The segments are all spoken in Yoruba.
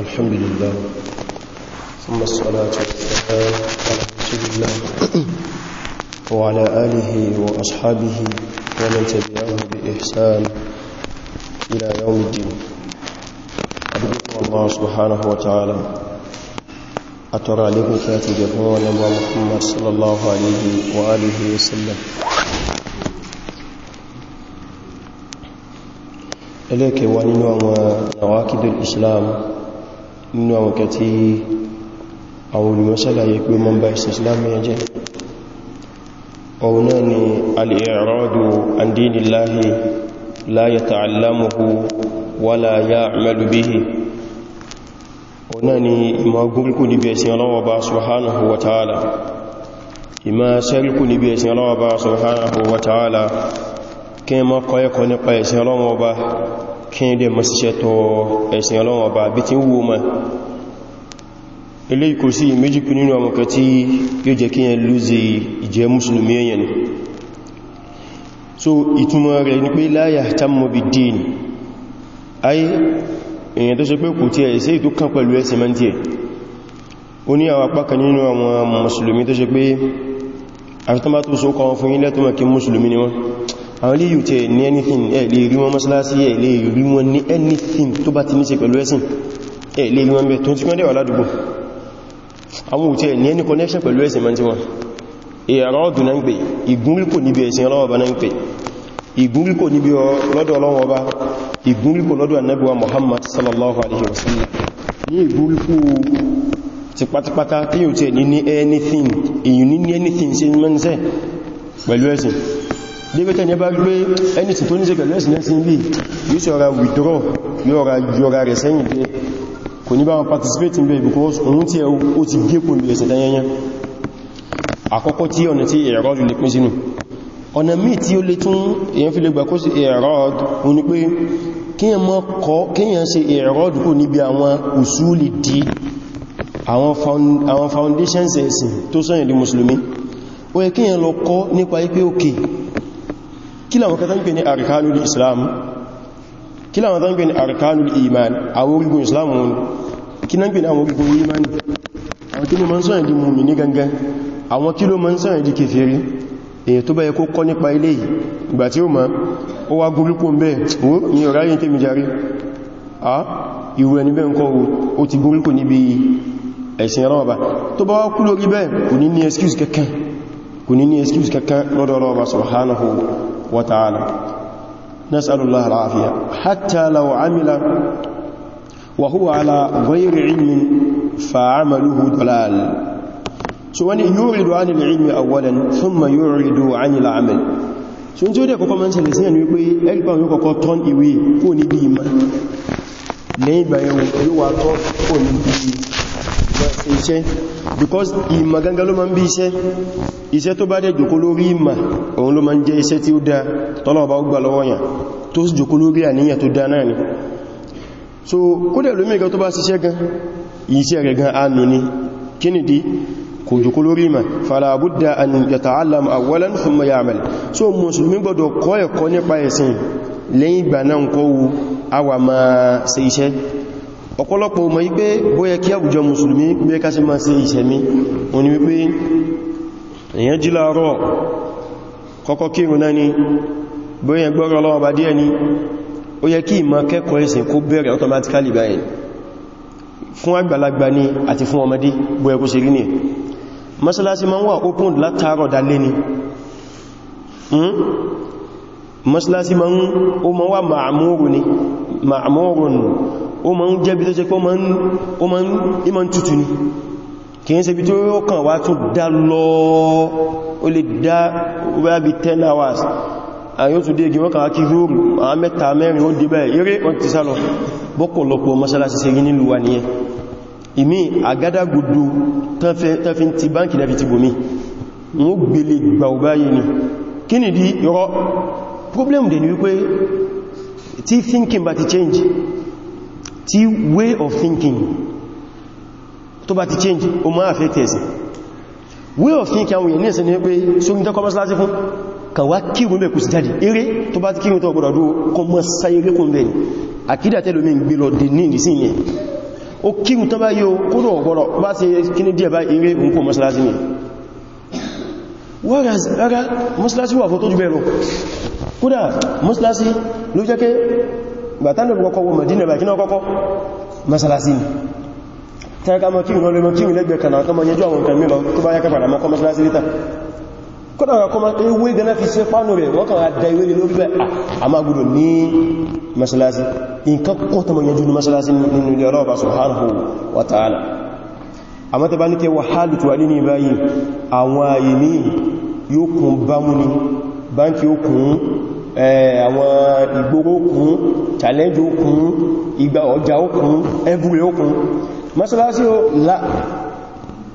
الحمد لله ثم الصلاة والسلام على رسول الله وعلى آله وأصحابه ومن تبعه بإحسان إلى يوم الدين أدعوكم الله سبحانه وتعالى أترى لكم كاتب يكون محمد صلى الله عليه وآله وسلم إليك وننوى نواكب الإسلام nínú àwọn kẹ tí àwọn olùmọ́sálàyé pé mọ́ bá ìsìn islami ẹjẹ́ ọ̀nà ni al'iradu an dinillahi la yata'allamuhu wala ya'malu bihi ọ̀nà ni ìmá gúnkù níbi ẹ̀sìn ọlọ́wọ́ bá subhanahu wa ta'ala ìmá sẹ́rìkù níbi ẹ̀sìn ọlọ́wọ́ bá subhanahu wa ta'ala kí ní dẹ̀ ma ṣiṣẹ́ tọ ẹ̀sìn ọlọ́run ọba bí tí ń wo ma ilé ìkò sí méjì kú nínú àmọ́kẹ́ tí yóò jẹ́ kí yẹn lúzi ìjẹ́ mùsùlùmí èyàn so ìtumọ̀ rẹ̀ ní pé láyà tammo bi dín ayé èyàn tó ṣe pé kò tí ẹ̀ sí àwọn ilé yìí tẹ ní anything ẹ lè rí wọn mọ́sálásí ẹ lè rí wọn ní anything tó bá ti ní ṣe pẹ̀lú ẹ̀sìn ẹ lè rí wọn bẹ̀ tó ti kọ́ dẹ̀wà ládùgbò àwọn òtẹ́ ní any connection pẹ̀lú ẹ̀sìn mẹ́ntí wọn ẹ̀rọ ọdún náà ń pè ìgúnríkò níbi ẹ̀sìn ọlọ́wọ́ba náà ń pè ìgúnríkò níbi lọ́dọ̀ ọlọ́wọ́ba ìgúnríkò lọ́dọ̀ annabuwa Muhammad sallallahu alaihi wasallam ní ìgúnríkò ti pátápátá tí yóò tẹ́ ní anything èyí ní anything ṣe mẹ́nsẹ́ pẹ̀lú ẹ̀sìn débẹ́tẹ̀ ní bá gbé ẹnìtì tó ní ṣe pẹ̀lú ẹ̀sìn ẹ̀sìn bí yóò sì ọ̀rà withdraw yóò ọ̀rà yọra rẹ̀ sẹ́yìn pé kò ní bá wọn participate in bẹ̀ because òun tí ó ti gé kò lè ṣẹ̀tẹ̀ yẹnyẹn àkọ́kọ́ tí ọ̀nà tí ẹ̀rọ jù lè pín sínú ọ̀nà míì tí ó lè tún èyàn fi lè gbà kó sí ẹ̀rọ òun ni àwọn usuli di àwọn foundations ẹ̀sìn tó sọ́yìn di mùsùlùmí ó yẹ kíyàn lọ kọ́ nípa ipé òkè kílà wọn kátán pè ní islam kílà wọn tán pè ní arkanul iman àwọn orígun islam wọn kí náà pè àwọn iman àwọn kí ló ma ń sọ́yìn di mùmí ní gangan àwọn kí ló ma ń sọ́yìn di kèfèrí èyàn tó báyẹ kó kọ́ nípa ilé ìgbà tí ó ma ó wá gúrúkú ń bẹ́ ó ní ọ̀rá a ìwò ẹni bẹ́ ń kọ́ ó ti gúrúkú níbi ẹ̀sìn ọlọ́ọ̀bá tó bá wá kú lórí excuse kankan kò ní ní excuse وتعالى نسأل الله العافية حتى لو عمل وهو على غير علم فعمله ضلال سواء يعرض عن العلم أولا ثم يعرض عن العمل so n tí ó dẹ̀ kọ́kọ́ يقول ń ṣẹlẹ̀ sí ẹni wípé ẹgbà yóò kọ́kọ́ tọ́n ìwé kó níbi iṣẹ́ because ìmọ̀ gangan ló ma ń bí iṣẹ́ iṣẹ́ tó bá dẹ̀ jòkó lórí ìmọ̀ òun ló ma ń jẹ́ iṣẹ́ tí ó dá tọ́lọ̀ bá gbà lọ́wọ́ yàn tó sì jòkó lórí àníyàn tó dá náà ni so kódẹ̀ lómi gan tó bá ṣiṣẹ́ gan iṣẹ́ rẹ̀ gan ánú ni kí nìdí kò jùkú lórí ma farabudda an yata'allam awwalan thumma ya'mal so musulmi gbọdọ̀ kọ́ ẹ̀kọ́ nípa ẹ̀sìn lẹ́yìn ìgbà náà kọ́wú àwa máa ṣe iṣẹ́ ọ̀pọ̀lọpọ̀ mọ̀ wípé bóyẹ kí àwùjọ mùsùlùmí bí ká sí máa ṣe ìṣẹ̀mí òní wípé èyàn jí láàárọ̀ kọ́kọ́ kírun náà ni bóyẹ gbọ́rọ̀ lọ́wọ́ bá díẹ̀ ni ó yẹ kí ìmọ̀ kẹ́kọ̀ọ́ ẹ̀sìn kó bẹ̀rẹ̀ automatically báyìí fún àgbàlagbà ni àti fún ọmọdé bóyẹ kó ṣe rí ní mọ́sálásí máa ń wà open ó ma ń jẹ́ bí tó jẹ́ pé ó ma ń tutù ní kìí ṣe bí tó yóò kàn wá tún dá lọ ó lè dá wẹ́ bí 10 hours àyí ó tún dé gíwọ́n kàwà kí rúrù àwọn mẹ́ta mẹ́rin ó dé bẹ́ẹ̀ eré wọ́n ti sálọ problem dẹ̀ ni wípé tí thinking bá ti change tí way of thinking tó bá ti change o máa affect ẹ̀sìn way of thinking àwọn ènìyàn sí ní so sórí tẹ́kọ́ mọ́sílásí fún kàwà kírùn bẹ̀ kù sí jáde eré tó bá ti kírùn tó gbọ́dọ̀ dúró kọ mọ́ sáyéré kún bẹ̀ ní àkídà tẹ́lómi gbé lọ dì ní ìrísí yẹn ó kírùn tó bá yíó kúrò ọ̀gbọ̀rọ̀ bá ti kíní díẹ̀ bá eré gbàtánà kọ́kọ́ wọ Madina bàkí náà kọ́kọ́ masalasi ni tẹ́ẹ̀ká mọ́ kí ìrọlẹ́mọ́ kí ìrìnlẹ́gbẹ̀ẹ́ kan náà kọmọ yẹjọ́ àwọn nǹkan mẹ́lọ tó bá yá kẹfàdà mọ́ kọmọ sílásí lítà kọ́nà ọ̀rọ̀ kọmọ ewé gẹ́nà fi ṣe pánù rẹ̀ wọ́n kàrà da ìwé lórí bẹ́ àmàgbùdò ní masalasi nǹkan kọ́tọmọ yẹjọ́ ní masalasi nínú ilẹ̀ ọlọ́ọ̀bá subhanahu wa ta'ala àmọ́ tẹ bá ní kẹwàá hálù tó wà nínú ìbáyìí àwọn àyè ní yóò kún bámúni báńkì yóò kún àwọn ìgboro okùn challenge okùn ìgbà ọjà okùn ẹbúrẹ okùn mọ́sálásí o lá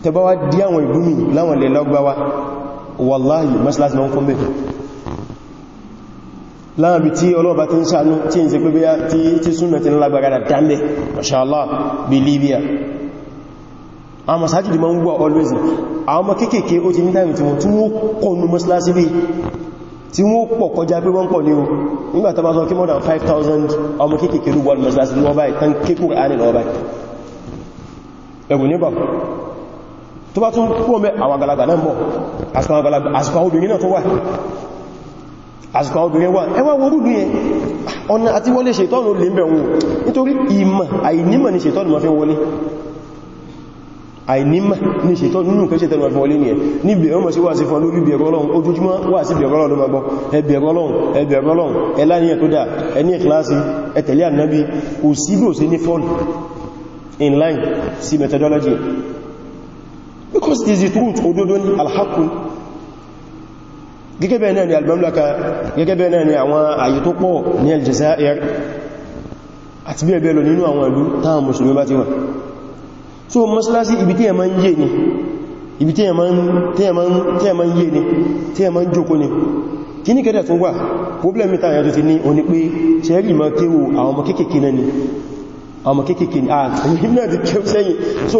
tẹbáwá dí àwọn ìgbúmi láwọn ilẹ̀ lọ́gbáwá wàláhì mọ́sálásí ma ń fún bẹ̀rẹ̀ láàrin bí tí ọlọ́ọ̀bá tí ń sàánú tí ń ṣe pé bóyá tí súnmẹ̀ tí lágbàrá da dámbẹ̀ mashallah bí Libya àwọn masájìdì ma ń gbọ́ always àwọn ọmọ kéèkéé ó ti ní dáìmì tí wọ́n tún ó kọ̀ọ̀nù mọ́sálásí bí tí wọ́n pọ̀ kọjá pé wọ́n pọ̀ ní o nígbàtà bá sọ kí more than 5,000 ọmọ kéèkéé ló wọ́n mọ̀sílásí ní ọba ìtàn kéèkùn àárín ọba ẹgbùn níbà tó bá tún pọ̀ mẹ́ àwọn àgbàlagbà náà mọ̀ mọ́ àìnímọ̀ ní ṣètọ́ nínú kan ṣe tẹnuwà fún wọlé ní ẹ̀ ní bẹ̀rẹ̀ mọ̀ sí wà sí fún lórí bẹ̀rẹ̀ ọlọ́run ojoojúmọ́ wà sí bẹ̀rẹ̀ ọlọ́run lọ́gbọ́ ẹbẹ̀rẹ̀ ọlọ́run ẹbẹ̀rẹ̀ ọlọ́run ẹláníyàn tó dà ẹní ìkìláàsì ẹtẹ̀lé ànábí kò sí bí ò sí ní fall in line sí methodology because this is the truth òdodo ni alhakun gẹ́gẹ́ bẹ́ẹ̀ so mọ́sálásí ibi tí ẹ̀mọ́ ń yé ni ibi tí ẹ̀mọ́ ń yé ni tí ẹ̀mọ́ ń jókó ni kí ní kẹ́dẹ̀ tó wà problem mítà ìyàtò ti ní oní pé ṣẹ́rì mọ́ kéwò àwọn ọmọ kéèkéé náà ni àwọn kéèkéé ni ààtì náà ti kéw sẹ́yìn so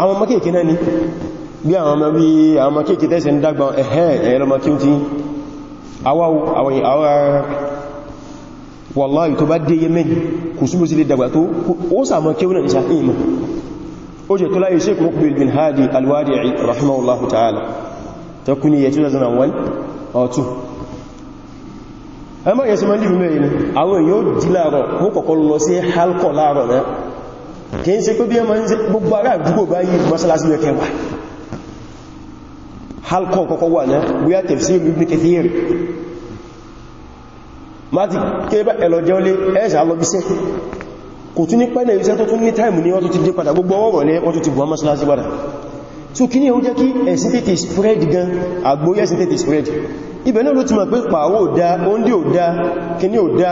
àwọn ọmọ kéèkéé náà ni bí àwọn ọmọ bí àwọn ọmọ kéèkéé tẹ́sẹ̀ ń dàgbà ẹ̀hẹ́ ẹ̀rọmọ kí ó ti awáwọ̀ àwọn wàláhì tó bá dé oje to laye sheik mukbil bin hadi alwadi'i rahimahullahu ta'ala takuniya 2001 or 2 ẹmọ́ ìyẹsẹ̀ mọ́ndì rúmẹ́ yìí àwọn yóò jí láàrọ̀ mú kọ̀kọ́ lọ sí halkọ̀ láàrọ̀ rẹ̀ kí n ṣe pé bí ẹmọ́ ń ṣe gbogbo ará àdúgbò báyìí mọ́sálásí wà náà wíyà tafsir Ibn Kathir ma ti kébà ẹ̀lọ́jẹ́ olé ẹ̀ṣà lọ́bíṣẹ́ kò tún ní pẹ́lẹ̀ iṣẹ́ tó tún ní táìmù ní wọ́n tó ti dé padà gbogbo ọwọ́ rọ̀lẹ́ wọ́n tó ti buwọ́n mọ́sánlá sí padà so kí ní ó jẹ́ kí ẹ̀sìn tètè spread gan àgbóyẹ̀ ẹ̀sìn tètè spread ibẹ̀ náà ló ti mọ̀ pé pàwó ò dá oúnjẹ ò dá kíní ò dá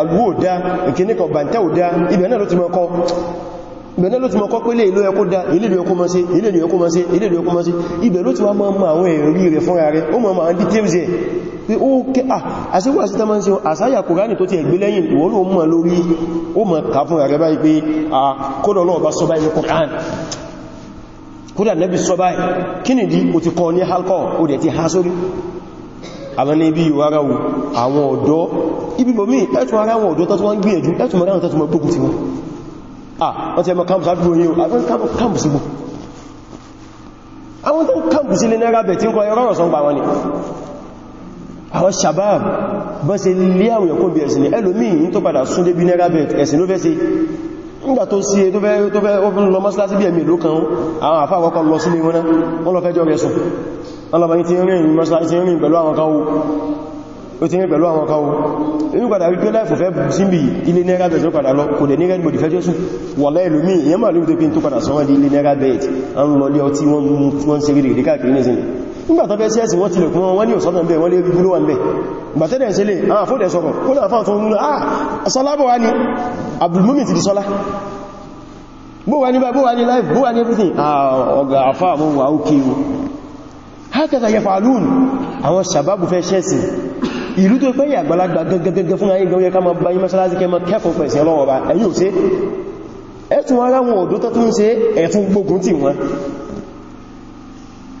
àgbó ò dá kíní kan bàntẹ́ ò dá ibẹ̀ náà ló ti mọ̀ kọ́ ibẹ̀ náà ló ti mọ̀ kọ́ pé ilé ìlú ẹkó dá ilé ìlú ẹkó mọ́ sí ilé ìlú ẹkó mọ́ sí ibẹ̀ ló ti wá mọ́ àwọn ẹ̀rí rẹ̀ fúnra rẹ̀ ó mọ́ àwọn details ẹ̀ pé ó kẹ́ àṣíwà sí tánmà sí àṣáyà kòránì tó ti ẹ̀gbẹ́ lẹ́yìn ìwọ́n ló mọ̀ lórí ó mọ̀ ká fún ààrẹ báyìí pé à kódọ̀ náà bá sọ́bá ilẹ̀ kòránì kódà nẹ́bí sọ́bá kínìdí ó ti kọ́ ní halkọ́ àwọn ibi ìwà ara àwọn ọ̀dọ́ ibi bòmí ẹ̀tùn ara àwọn ọ̀dọ́ tó wọ́n gbìyànjú ẹ̀tùn mọ̀ráwọn ah wọ́n ti ẹmọ campus àdúgbò yíò àwọn campus gbò àwọn tó campus ilé náírà bẹ̀ tí ń kọ ẹ̀rọ̀rọ̀ sọ́gbà wọn ni àwọn shabab bọ́ se lé àwòyẹ̀ kó bí ẹ̀sìn ẹlòmíì tó padà sún débí náírà bẹ̀t ẹ̀sìn ló fẹ́ se nígbà tó sí tó fẹ́ tó fẹ́ ọkùn lọ mọ́sílásí bí ẹ̀mì lókan àwọn àfá àkọ́kọ́ lọ sílé wọn náà wọ́n lọ fẹ́jọ́ rẹ̀ sùn ọlọ́bàá ti rìn mọ́sílásí rìn pẹ̀lú àwọn kan ó ti rìn pẹ̀lú àwọn kan ó inú padà rí pé láìfò fẹ́ síbì ilé náírà bẹ̀t ló padà nígbàtọ́ fẹ́ sí ẹ̀sìn wọ́n ti lè kún wọ́n ní òsọ́dọ̀ ǹbẹ̀ wọ́n lè rí gúlówà ǹbẹ̀ gbàtẹ́dẹ̀ ṣe lè àwọn fóòdẹ̀ sọ́kọ̀ ó náà fáwọn tó ń múlò àà sọ́lábọ̀ wá ní abdulmumin ti di sọ́lá bówa ní bówa ní life bówa ní everything ah, ọgá àfáà mú wà ókè o hákàtà yẹ fàálùn àwọn sàbábù fẹ́ ṣẹ́sìn ìlú tó pẹ́ àgbàlagbà gẹ́gẹ́gẹ́ fún ayé gẹ́gẹ́ ká ma bá yí mẹ́sàlásí kẹ́ ma kẹ́kọ̀ọ́ pẹ̀sẹ̀ lọ́wọ́ bá ẹ̀yìn ò sí ẹ̀tùn ara wọn ọ̀dọ́ tó tún ṣe ẹ̀tùn gbógun tí wọn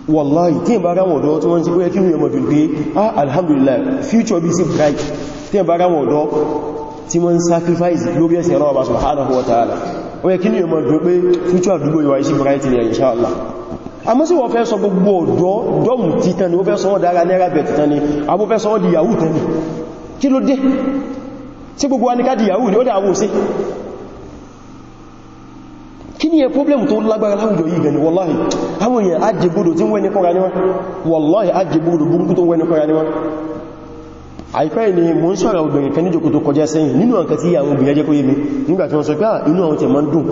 wallahi tí ẹ̀ bá ráwọn ọ̀dọ́ tí wọ́n ti wẹ́ kí wọ́n mọ̀dún pé ah alhamdulillah future bí bright tí ẹ̀ bá ráwọn ọ̀dọ́ tí wọ́n sacrifice lórí ẹ̀sẹ̀ ọ̀rọ̀ ọba subhanahu wa ta'ala wọ́n yẹ kí ní pé future àdúgbò yíwa iṣẹ́ bright ni inshallah àmọ́ sí wọ́n fẹ́ sọ gbogbo ọ̀dọ́ dọ́mù títan ni wọ́n fẹ́ sọ wọ́n dára náírà bẹ̀ títan ni àbú fẹ́ sọ wọ́n di yahoo tẹ́ni kí ló dé tí gbogbo wa ní ká di yahoo ni ó dá àwọ̀ sí kí ni ẹ problem tó lágbára láwùjọ yìí gẹ̀lẹ̀ wọláhì àwọn èèyàn ajẹgbódò tí wọ́n ní kọ́ra níwá wọláhì ajẹgbódò burúkú tó wọ́n ní kọ́ra níwá àìpẹ́ ni mo ń sọ̀rọ̀ obìnrin kan níjòkó tó kọjá sẹ́yìn nínú àǹkà tí àwọn obìnrin jẹ́ kó yé mi nígbàtí wọ́n sọ pé ah, inú àwọn tẹ̀mọ́ dùn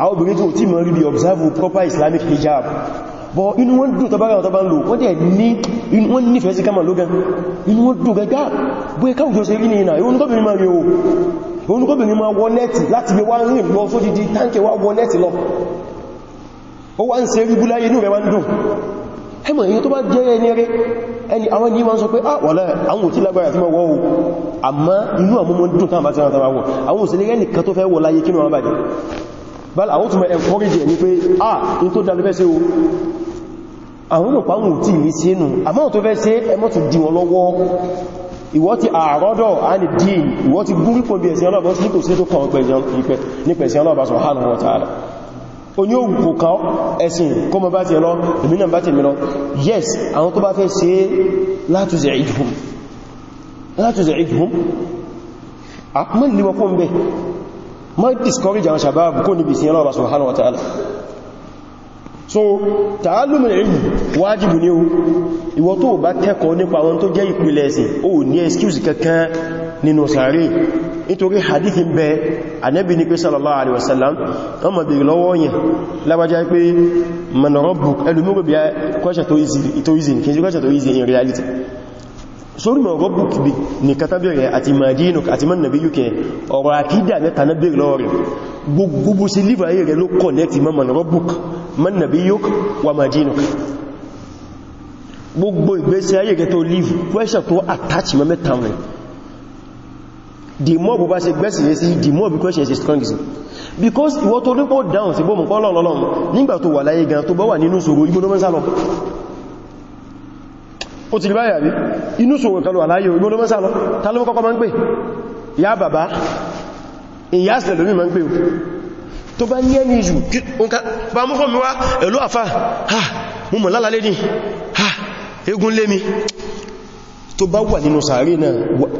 àwọn obìnrin tó tí mọ̀ rí bí observe proper Islamic hijab bọ̀ inú wọn dùn tọbára ọ̀tọba ń lò wọ́n dẹ̀ ní inú wọn nífẹ̀ẹ́ sí kama lógan inú wọn dùn gẹ́gá bóyẹ káwùjọ sí rí ní ìnà ìwọ̀n tọ́bìnrin máa rí o oníkóbìnrin ma wọ nẹ́ẹ̀tì láti gbé wá rìn lọ só dídí táǹkì wá wọ nẹ́ẹ̀tì lọ ó wá ń ṣe rí búláyé inú rẹ̀ wá ń dùn ẹmọ̀ èyí tó bá jẹ́ ẹni rẹ̀ ẹni àwọn ní ma ń sọ pé ah wọ́lẹ̀ àwọn òtí lágbára tí ma wọ́ o àmá inú àmúmọ́ dùn tán bá ti rántà wọ́n àwọn òsìlẹ̀ rẹ̀ nìkan tó fẹ́ wọ ah in tó dalẹ́ fẹ́ sí o àwọn òpá àwọn òtí ní sínú àmọ́ tó ìwọ ti àrọ́dọ̀ àní dín ìwọ ti gúrípò bí ẹ̀sìn ọlọ́bọ̀ sí kò sí tó kàn nípẹ̀sìn ọlọ́bà subhanahu wa ta'ala oní òkò kan ẹ̀sìn kó mọ bá ti lọ ìmìnà bá ti mìíràn yes àwọn tó bá fẹ́ ṣe látúzẹ̀ ìdùn látúzẹ̀ ìdùn àpmọ́ ìlú ọkùn bẹ́ mọ́ discourage àwọn sàbáàbù kó níbi sí ọlọ́bà subhanahu wa ta'ala so tààlùmù ìlú wájìbù ní o ìwọ tó bá kẹ́kọ̀ọ́ nípa wọn tó jẹ́ ìpìlẹ̀ ẹ̀sìn o ní excuse kankan nínú sàárè nítorí hadith ń bẹ anẹ́bì ní pé sallallahu alaihi wasallam wọ́n mọ̀ bèèrè lọ́wọ́ yẹn lábájá pé man rabbuk ẹlùmúrò bí i question to easy kí n sí question to easy in reality sórí mọ̀ rabbuk bí nìkan tán bèèrè àti madinuk àti man nabiyuk ọ̀rọ̀ àkídà mẹ́ta náà bèèrè lọ́wọ́ rẹ̀ gbogbo sí lífàáyé rẹ̀ ló connect mọ́ man rabbuk man nabiyyuk wa ma dinuk gbogbo ìgbésí ayé gẹ́ to live question tó attach mọ́ mẹ́ta rẹ̀ the more bó bá ṣe gbẹ́sì yẹ sí the more bí question is strong is because ìwọ tó rípò down sí bó mú pọ́lọ̀ lọ́lọ́run nígbà tó wà láyé gan tó bá wà nínú ṣòro igbó ló mẹ́sà lọ ó ti rí báyà rí inú ṣòro kan lọ àláyé igbó ló mẹ́sà lọ ta ló kọ́kọ́ máa ń pè Ya Baba, ìyá sílẹ̀ lómi máa ń pè tó bá ní ẹni jù bá mú fún mi wá ẹ̀lú àfá ha mú mọ̀ lálàlé ní ha egun lé mi tó bá wà nínú sàárè náà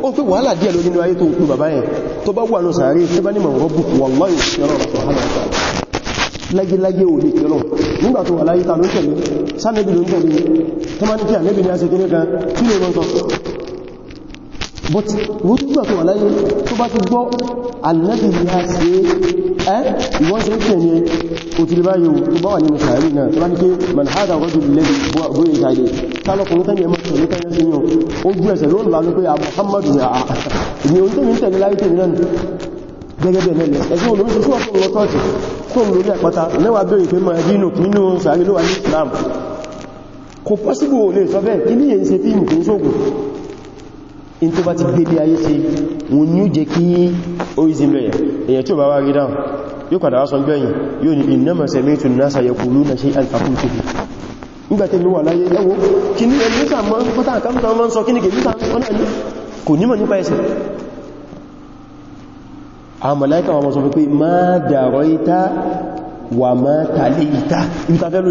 ó pé wàhálà díẹ̀ ló nínú ayé tó ń bàbá yẹn tó bá wà nínú sàárè tó bá ní mọ̀ rọ́bù wàláyò lágélágé ò lè kẹrọ nígbà tó wà láyé ta ló tẹ̀lé sáàmẹ́bì ló ń tẹ̀lé tó má ní but wọ́n tó gbà tó wà láyé tó bá ti gbọ́ annabi ni a ṣe ẹ́ ìwọ́n ṣe ń tẹ̀ ní òtìlẹ̀ báyìí tó bá wà nínú sàárì náà tó bá ní kí manhada rọ́jù lẹ́bí bóyí ìtàdé tálọ́kùnrin tẹ́ni ẹmọ́ tẹ̀lé tẹ́lé sí yàn ó jú ẹsẹ̀ ló ń bá lópe a muhammadu ya a ni ah, ah. orí tẹ́mi tẹ̀lé láyé tẹ̀lé náà gẹ́gẹ́ bẹ̀ẹ̀ lẹ́lẹ̀ ẹ̀sùn olórin ṣe fún ọkùnrin lọ́tọ́ọ̀tì tó ń lórí àpáta lẹ́wàá bèèrè pé máa dínú nínú sàárì ló wà ní Islam kò pọ́síbò lè sọ bẹ́ẹ̀ ilé yẹn ṣe fíìmù kìí ṣógun in tó bá ti gbélé ayé ṣe wọn ni ó jẹ kí orísìn bẹ̀rẹ̀ èyàn tí ó bá wá rí dáhùn yóò padà wá sọ gbẹ̀yìn yóò ní innama sami'tu an-nasa yaquluna shay'an faqultu nígbàtí mi wà láyé ẹwọ kí ní ẹni níta mọ́ pátá àkámta mọ́ sọ kí ní kèmíta ọ́nà ní kò nímọ̀ nípa ẹsẹ̀ àwọn màláíkà wa ma talaita ìtafẹ́lú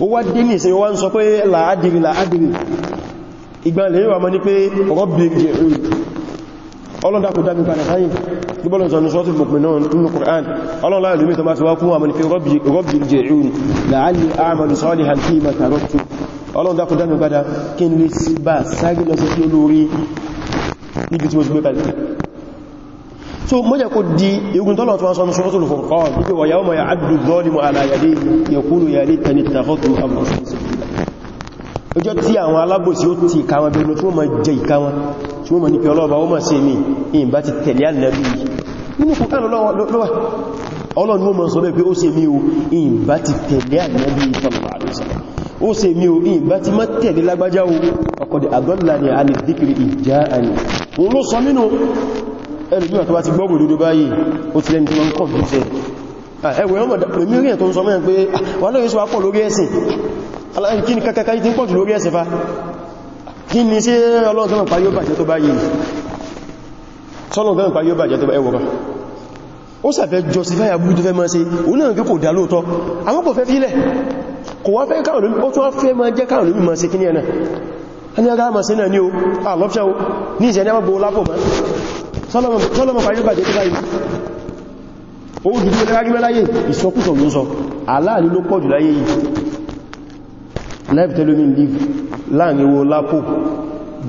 ó wá dé ní ìsẹ́ wọ́n sọ pé láàdìrí láàdìrí ìgbàlẹ̀ yíwa mọ́ ní pé rọ́bì jẹ̀rù ọlọ́dàkùdámi padà sáyìn gbọ́lọ̀ sọ ní sọ́tí mọ̀pínlọ́n nínú Qur'an ọlọ́lá ìlúmí tó bá ti wá kún àmì fi rọ́bì jẹ̀rù kí n lè bá sáré lọ sí olórí níbi tí mo ti gbé kalẹ̀ so mọ́jẹ̀ kó di igun tọ́lọ̀ tí wọ́n sọ ní ṣúrọ́tùlù fún kọ́ wípé wà yawma ya'addu adh-dhalimu ala yadayhi yaqulu ya laytani ittakhadhtu ma'a ar-rusuli sabila ọjọ́ tí àwọn alábòsí ó ti ìka wọn bẹ̀rẹ̀ tí wọ́n ma jẹ ìka wọn tí wọ́n ma ní pé ọlọ́ọ̀bá ó ma ṣe mí in bá ti tẹ̀lé ànàbí nínú kòkán lọ́wà ọlọ́run ó ma sọ bẹ́ẹ̀ pé ó ṣe mí o in bá ti tẹ̀lé ànàbí sallallahu alaihi wasallam ó ṣe mí o in bá ti má tẹ̀lé lágbájá ọkọ̀dẹ̀ àgọ́lá ni a lè díkiri ìjá àní òun ló sọ nínú ẹlùmí ọ̀tọ́ bá ti gbọ́rù lódó báyìí ó ti lẹ́ni tí wọ́n kọ̀ fífẹ́ ẹwẹ̀ ọmọ pẹ̀mí rí ẹ̀ tó ń sọ mẹ́rin pé wà lórí sí wá pọ̀ lórí ẹ̀sìn kí ni kàkàkà yìí tí ń pọ̀ jù lórí ẹ̀sìn fa kí ni sí ọlọ́run tó mọ̀ parí ó bàjẹ́ tó báyìí sọ́lọ́run tó mọ̀ parí ó bàjẹ́ tó báyìí ẹwọ̀rọ̀ ó sàfẹ́ justify abúrú tó fẹ́ máa ṣe òun náà kò dá lóòtọ́ àwọn kò fẹ́ fílẹ̀ sọ́lọ́mọ̀ fàyẹ́ bàjẹ́ tó báyìí ó dùdú ẹlẹ́gbẹ́ láyé ìsọkúsọ ló sọ aláàlú ló pọ̀ jù láyé yìí life telomine live láàrin owó lápò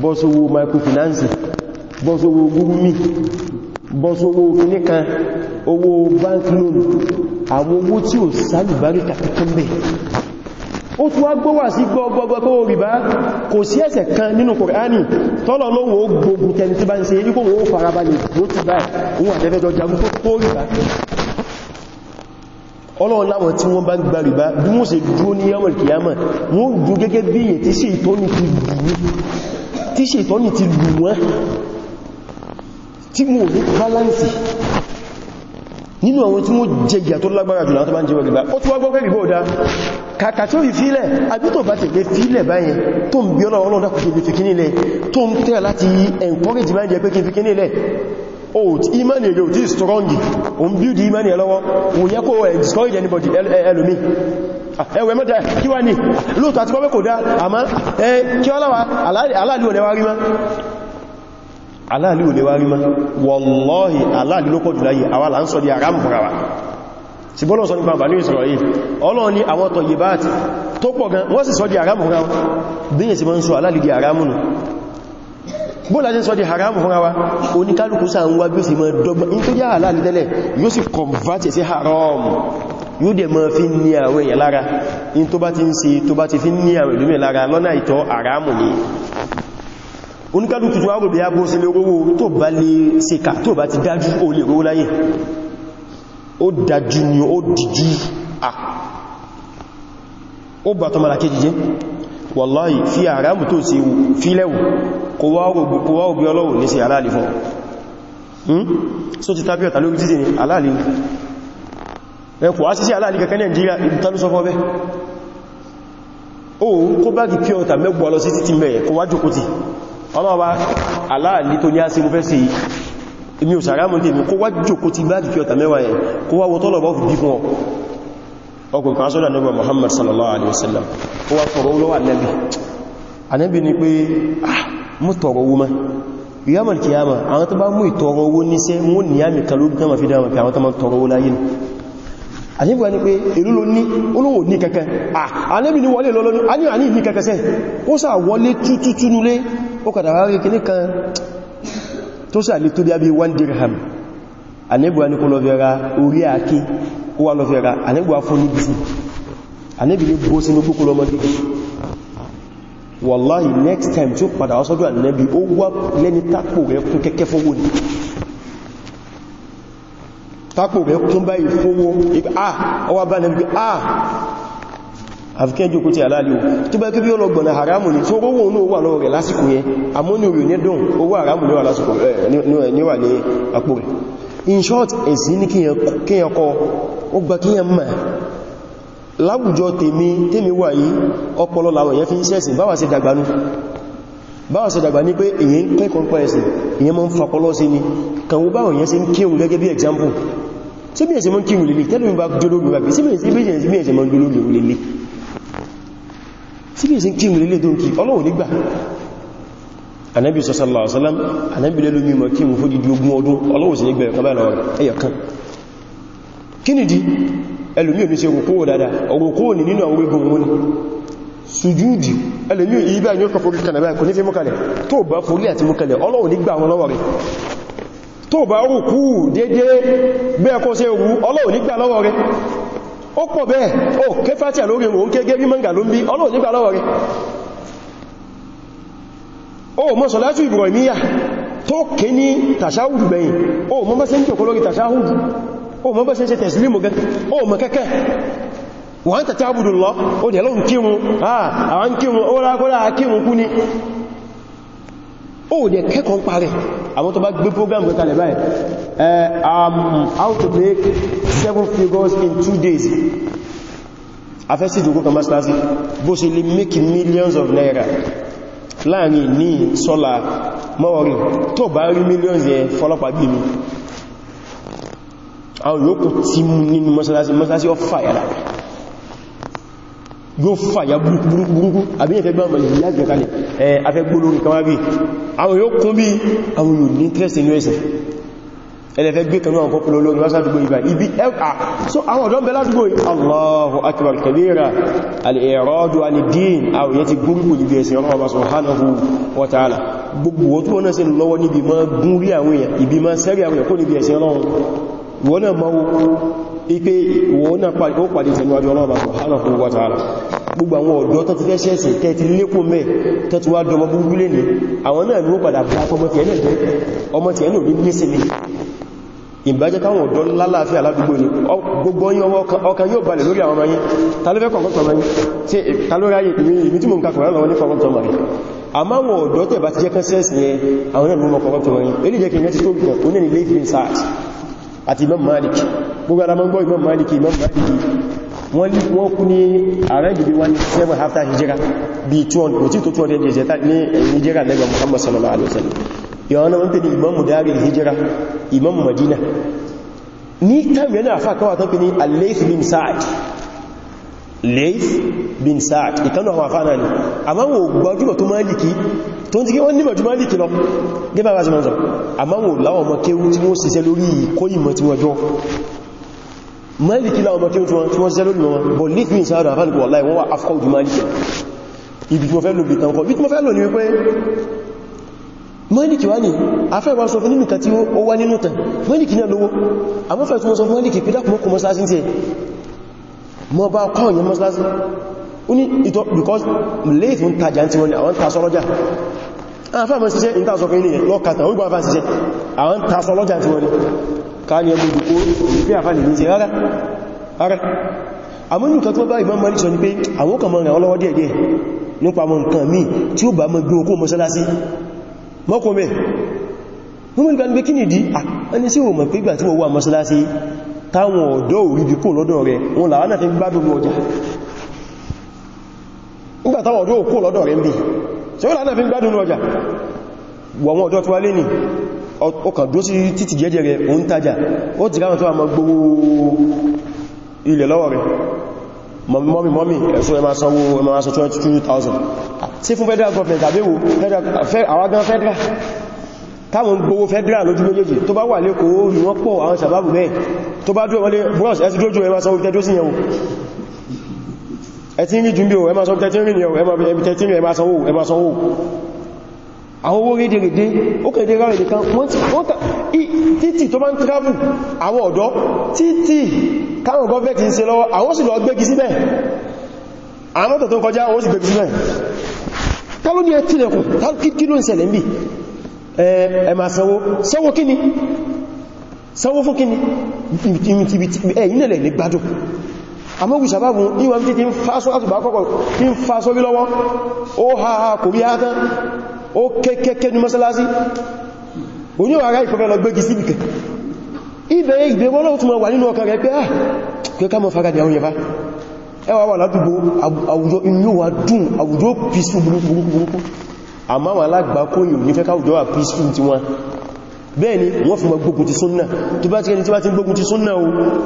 bọ́sówó microfinance bọ́sówó gúgúmí bọ́sówó kìníkan owó bank loan àwọn owó tí ò sálùbárí kàkàkẹ́ bẹ́ẹ̀ ó tún wá gbówà sí gbogbogbò kó rìbá kò sí ẹsẹ̀ kan nínú kòránì tọ́lọ ló wò gbogbo tẹni tí bá ń ṣe ikú wò farabalẹ̀ ó ti bá òun àtẹ́fẹ́jọ jagun tó kó rìbá ọlọ́run láwọn tí wọ́n bá ń nínú àwọn tí wọ́n jẹ ìyà tó lágbára jùlọ tó bá ń jẹ wọ́gbà ó ti wá gbọ́gbẹ́ ìbò dá kàkà tí ó fi fílẹ̀ àbí tó bá tẹ̀lé fílẹ̀ báyìí tó ń bí ọlọ́run lọ́dá kò fi kíní lẹ̀ tó ń tẹ́ láti encourage máa jẹ pé kí fi kíní lẹ̀ ìmánì rẹ̀ ò tí strong o ń build ìmánì lọ́wọ́ kò yẹ kó eh, discourage anybody eh, eh, ẹlòmí ah, ẹwẹ mẹ́ta kí wá ní lóòtọ́ àti kọ́wẹ́ kò dá àmá kí wá láwá aláàlú ọ̀nẹ́wà rí máa aláàlì ò lè wá rí mọ́ wallahi aláàlì ló pọ̀jù láyé àwa là ń sọ di àrámù fúnra wa sí bọ́lọ̀ sọ nípa bàní Israel Ọlọ́run ní àwọn tọ̀yẹ bá ti tó pọ̀ gan wọ́n sì sọ di àrámù fúnra wa bíyẹ̀ sí mọ́ ń sọ aláàlì di àrámù nù bóòlá jẹ́ sọ di haramu fúnra wa oníkálùkù sáà ń wá bí ó sì yóò dẹ̀ mọ́ fi ní àwẹ̀ yẹ̀ lára in tó bá ti ń ṣe tó bá ti fi ní àwẹ̀ lómẹ̀ lára lọ́nà ìtọ́ haramu ni oníkàlùkù tó wárò bí a bó sí lè rówó tó bá lè síkà tó bá ti dájú ó lè rówó láyé ó dájú ni ó dìjú à ó bá tọ́mọ̀lá kéjìjẹ́ wàláyì fi àrámù tó sí fílẹ̀wù kò wárò bí ọlọ́wù ní sí aláàlì fún so hmm? ti tàbí ọ̀tà lórí títì ní aláàlì ẹkù á kó bá kí pí mẹ́gbọ́ lọ sí títì mẹ́ kó wájú ti ọlọ́ọ̀bá aláàlí tó ní á sí mú fẹ́ sí mi ò sàrámù tèmi kó wá jòkó ti bá dìkí ọ̀tà mẹ́wàá ẹ̀ kó wá wọ́n tọ́lọ̀ fi bí ọ ọkùn kan sọ́dọ̀ Ànábì Muhammad sallallahu alaihi wasallam ó wá tọrọ owó lọ́wọ́ Ànábì Ànábì ni pé ah, mú tọrọ owó ma yamal kiyama àwọn tó bá mú ìtọrọ owó níṣẹ́ wọ́n ní àmì kan ló gama fi dáwọn pé àwọn tó má tọrọ owó láyé ni Ànábì wa ni pé èlú ló ní olówó ní kankan ah, Ànábì ni wọlé lọ́lọ́ní a ní kankan sẹ́ ó sà wọlé tútútúnulé ó kọ̀dà wá rí kìní kan tó sà lè tó bí abí 1 dirham anẹ́bùwa ní kó lọ fẹ́ ra orí àkí ó wá lọ fẹ́ ra anẹ́bùwa fún ní bísí anẹ́bì ní bó sínú gbókó lọmọ gidi wallahi next time tí ó padà ọsọ́dọ̀ anẹ́bì ó wá lẹ́ni tápò rẹ̀ kún kẹ́kẹ́ fówó ní tápò rẹ̀ kún báyìí fówó ah ọwá bá anẹ́bì ah àfikẹ́jò kó ti àláàlì o tó bá kí bí ó lọ gbọ̀nà haramu ni tó rówó ní owó àlọ́ rẹ̀ lásìkò yẹn àmóní orí ní dùn owó haramu ní wà lásìkò rẹ̀ níwà ní àpò rẹ̀ in short ẹ̀sìn ní kíyàn kọ ó gba kíyàn mọ̀ láwùjọ tèmi tèmi wà yìí ọpọlọ làwọn èèyàn fi ń ṣẹ̀sìn báwa ṣe dàgbà ní báwa ṣe dàgbà ní pé èyí ń kẹ́kọ̀ọ́ pa ẹ̀sìn èyí sí bí example tí bí ẹ̀sìn mọ́ kírun lè lè tẹ́lú ìbá jólógbò rẹ̀ bí ẹ̀sìn mọ́ jólógbò lè lè tí lè sí kí ìrìnlẹ̀ tó ń kí ọlọ́wọ̀ nígbà anábi sallallahu alaihi wasallam anábi lẹ́lú mímọ̀ kí mú fún dídí ogún ọdún ọlọ́wọ̀ sí nígbà ẹ̀kan báyìí ẹ̀yọ̀kan kí ni dí ẹlòmí ò ní ṣe rùkú dáadáa ọ̀rùkú ní nínú àwọn egun wọn sujúdì ẹlòmí ò yí báyìí yóò kọ̀ forí kanàbáyà kò ó pọ̀ bẹ́ẹ̀ ó ké fàtíà lórí òun ké gẹ́rí mọ́ngà ló ń bí ọlọ́run nígbà lọ́wọ́ rẹ̀ ó mọ́ sọ̀látù Ibrahimiyya tó ké ní tàṣáhùdù gbẹ̀yìn ó mọ́ bá ó dẹ̀ kẹ́kọ̀ọ́ parẹ̀ àwọn tó bá gbé program kalẹ̀ báyìí um, how to make seven figures in two days afẹ́sí ìjòkó kan mọ́sílásí bó ṣe lè make millions of naira láàrin ní sọ́là mọ́wọ̀rí tó bá rí millions yẹn fọ́lọ́pàá gbé mi àwọn yóò kò tí mú nínú mọ́sílásí mọ́sílásí ọ fàyàdà yóò fàyà burúkú àbíyàn fẹ́ gbọ́nà ìyá ìgbẹ̀kalẹ̀ afẹ́ kan wá bí àwọn yóò kún bí àwọn yóò ní interest inú ẹ̀sẹ̀ ẹlẹ́fẹ́ gbé kanú àwọn kọkùnlọ lórí wá sádùgbò ìgbà ibi ẹ̀kà so àwọn ọ̀dọ́ bẹ́lá dùgbò Allahu akbar kabira al-iradu àwọn yẹ́ ti gúrùkù níbi ẹ̀sìn ọmọ ọba subhanahu wa ta'ala gbogbo wọ́n tó wọ́n sí lọ́wọ́ níbi ma gún àwọn èèyàn ibi ma sẹ́rí àwọn èèyàn kó níbi ẹ̀sìn ọlọ́run wọ́n náà ipé wọ́n náà pàdé tẹ̀lúwájú ọlọ́ọ̀bá subhanahu wa ta'ala gbogbo àwọn ọ̀dọ́ tó ti fẹ́ ṣẹ́sìn tẹ́ ti lékò mẹ́ tó ti wá dọmọ búrú lè ní àwọn náà ní ó padà bá ọmọ tí ẹ̀nà jẹ́ ọmọ tí ẹ̀nà ní gbèsè ní ìbájẹ́ káwọn ọ̀dọ́ lálàáfíà aládùgbò ní gbogbo yín ọkàn yóò balẹ̀ lórí àwọn ọmọ yín tàlẹ́fẹ́ kọ̀ọ̀kan tọmọ yín tí tàlóráyè ìmí tí mò ń kàkùnrin lọ́wọ́ ní kọ̀ọ̀kan tọmọ yín àmá àwọn ọ̀dọ́ tẹ̀bá ti jẹ́ kẹ́sẹ̀ẹ́sì yẹn àwọn ẹ̀mọ́ kọ̀ọ̀kan tọmọ yín àti Imam Malik gbogbo ara mọ́gbọ́ Imam Malik Imam Malik wọ́n lè wọ́n kú ní ààrẹ ìgbìdí wọ́n ní seven after hijira bí 200 kò tí tó 200 years ẹ̀ta ní ẹ̀yìn hijira lẹ́gbà Muhammad sallallahu alaihi wasallam yọ̀wọ́n náà wọ́n pè ní imamu dari hijira Imam Madina ní tàbí náà fà kọwàá tán pè ní al bin Saad, Layth bin Sa'd ìkanú àwọn afánà ni àmáwọn ògbọ́júmọ̀ tó Maliki tó ń ti kí wọ́n nímọ̀ jù Málíkì lọ gẹ́bà bá ti mọ́ sọ àmáwò láwọn ọmọ kéwú tí wọ́n ṣiṣẹ́ lórí kó ìmọ̀ tí wọ́n jọ Málíkì láwọn ọmọ kéwú tí wọ́n ṣiṣẹ́ lórí wọn bọ̀ leave me sáàdọ̀ àfáàlùkù ibi tí mo fẹ́ lò bí tàǹkọ́ bí tí mo fẹ́ lò ní wípé Málíkì wá ní afẹ́wà sọ fún nìkan tí ó wá nínú tàn Málíkì náà lówó ó ní ìtọ́ because late ń tajà tí wọ́n ni àwọn tasọ lọ́jà àfáàmọ́ síṣẹ́ ìtàṣọ́kọ́ ní lọ́kàtà ó gbáfà síṣẹ́ àwọn tasọ lọ́jà tí wọ́n ni káàkiri ẹgbẹ̀ ìdíkó ìfẹ́ àfáà lè ní ṣe rárá rárá àmọ́ nìkan tó bá Imam Malik sọ ní pé àwọn kan mọ́ rẹ̀ ọlọ́wọ́ díẹ̀díẹ̀ nípa mọ́ nǹkan míì tí ó bá mọ́ gbé okó mọ́sálásí mọ́kànmẹ́ wọ́n mọ́ ìgbàlẹ̀ kí nìdí ẹni sí òmọ̀ pé ìgbà tí táwọn ọ̀dọ́ òrí bí lọ́dọ̀ rẹ̀ wọn làwọn náà fi gbádùn ọjà nígbà táwọn ọ̀dọ́ òkú lọ́dọ̀ rẹ̀ ń bí ṣe wọ́n láti fi ń gbádùn ọjà wọ̀wọ́n ọ̀dọ́ tó wá lé ní ọkàn dúó sí títì jẹ́jẹ́ rẹ̀ òun tajà ó ti ráwọn tó wà máa gbówó ilẹ̀ lọ́wọ́ rẹ̀ mọ́mí mọ́mí ẹ̀ṣọ́ ẹmà sanwó ẹmà aṣọ 22,000 sí fún federal government àbẹ́wò àwágán federal táwọn gbówó federal lójú méjèèjì tó bá wà lẹ́kọ̀ọ́ ìwọ́n pọ̀ àwọn sàbábù mẹ́ tó bá dúró wọlé bros ẹ̀sì dójú ẹmà sanwó fẹ́ sí yẹn ẹ̀tí rí jùmbí o ẹmà sọ tẹ́tí rí ni o ẹmà tẹ́tí rí ẹmà sanwó ẹmà sanwó àwọn owó rédè rédè ó kẹ̀dẹ̀ rárá nìkan títì tó bá ń travel àwọn ọ̀dọ́ títì káwọn gọ́ọ̀mẹ́ntì ń ṣe lọ́wọ́ àwọn sì lọ gbégi síbẹ̀ àwọn mọ́tò tó ń kọjá àwọn sì gbégi síbẹ̀ tálọ́ ní ẹtí lẹ́kùn kí ló ń ṣẹlẹ̀ ń bí ẹmà sanwó sanwó kíni sanwó fún kíni ẹ̀yìn ẹ̀lẹ̀ ní gbádùn àmọ́gù sàbábù ní wọ́n tí ń fásọ́ àtùbà kọ́kọ̀ tí ń fásọ́ bí lọ́wọ́ ó ha ha kò rí átán ó kékèké ní mọ́sálásí oníwà ará ìfẹ́fẹ́ lọ gbégi síbìkẹ̀ ibẹ̀ ìgbẹ̀ wọ́n lọ́wọ́ tún wà nínú ọkà rẹ̀ ah, peaceful burúkú burúkú àmáwọn alágbàkóyò nífẹ́ káwùjọ wà peaceful ti bẹ́ẹ̀ ni wọ́n fi ma gbógun ti súnnà tó bá ti kẹni tí bá ti gbógun ti súnnà o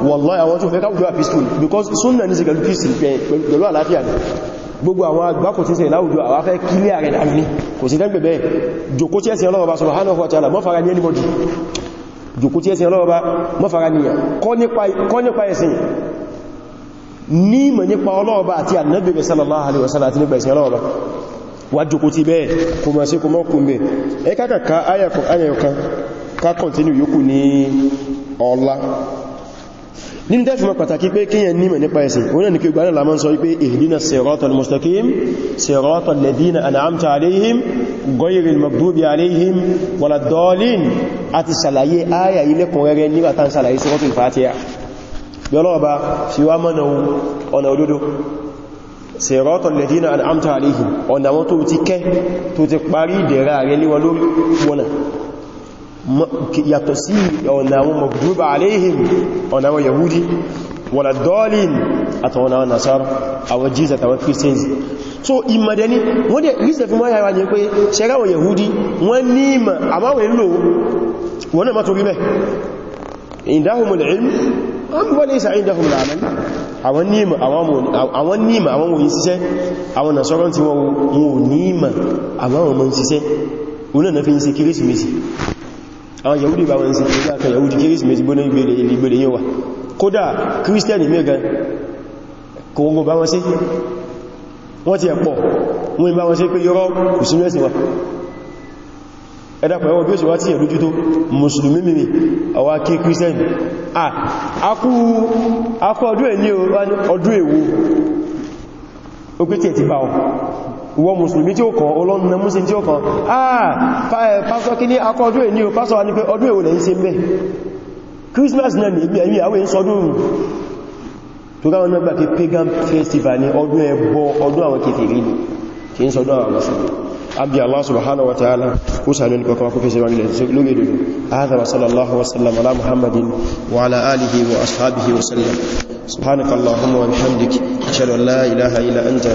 wallahi àwọn tí fẹ́ káwùjọ wà because súnnà ní sí pẹ̀lú àlàáfíà ni gbogbo àwọn agbákò tí ń ṣe láwùjọ àwọn afẹ́ kílẹ̀ ààrẹ dàmì ní kò sí dẹ́gbẹ̀ bẹ́ẹ̀ jòkó tí ẹ̀sìn ọlọ́wọ́ bá subhanahu wa ta'ala mọ́ fara ní anybody jòkó tí ẹ̀sìn ọlọ́wọ́ bá mọ́ fara ní kọ́ nípa ẹ̀sìn sallallahu alaihi wasallam àti nípa ẹ̀sìn ọlọ́wọ́ bá wà jòkó ti bẹ́ẹ̀ kò mọ̀ sí ká kọntínú yóò kù ní ọlá nínú tẹ́fì mọ́ pàtàkì pé kíyàn nímọ̀ nípa ẹ̀sìn òun náà ni kí gbà náà lámọ́ sọ wípé ihdina siratal mustaqim siratal ladina an'amta alayhim ghayril maghdubi alayhim waladdallin àti sàlàyé ayà ilẹ́kùnrẹ́rẹ́ nígbàtà yàtọ̀ sí ọ̀nà àwọn magduba aléhìm ọ̀nà àwọn yahudi wọ̀nà dọ́ọ̀lìn àtàwọn àwọn nasar àwọn jesus àtàwọn christians so ìmọ̀dẹ̀ ni wọ́n dẹ̀ ríṣẹ̀ fi wáyàwá ní pé ṣẹ́gáwọn yahudi wọ́n ní ìmọ̀ àmáwọn ìlò wọ́n náà mọ́tò rí bẹ́ indahumul ilm wọ́n lè sàáyìn dáhùn láàmà àwọn níìmọ̀ àwọn òyìn síṣẹ́ àwọn nàṣọ́rọ̀ tí wọ́n ò níìmọ̀ àwọn ọmọ síṣẹ́ onáà na fi ń ṣe kérésìmesì àwọn yahudi bá wọn sí ilé àkà yahudi kérésìmesì gbóná ìgbèrè yíwa kódà kírísítẹ́nì mẹ́gan kò gbogbo bá wọn sí wọ́n ti ẹ̀pọ̀ wọ́n bá wọn sí pé yọ́rọ̀ kò sí mẹ́sìn wa ẹ̀dàpọ̀ ẹwọ́n bí ó sì wá tí ẹ̀ lójú tó mùsùlùmí mìí àwa wọ musulmi tí ó kàn olóòrùn musulmi tí ó kàn ah pásọ eh, kí ní akọ ọdún èní o pásọ wà ní pé ọdún èwò lẹ́yìn ṣe mẹ́ Christmas náà ní ìgbé ẹ̀yìn àwọn ìsọdún tó gáwọn náà gbà pé pagan festival ní ọdún ẹbọ ọdún àwọn kèfèrí ni kì í sọdún àwọn musulmi abi Allah subhanahu wa ta'ala kó sàánú ní kọkọrọ kó fèsè wà nílẹ̀ lórí ìdòdó wa sallallahu wa sallam ala muhammadin wa ala alihi wa ashabihi wa sallam subhanakallahumma wa bihamdik ashhadu an la ilaha illa anta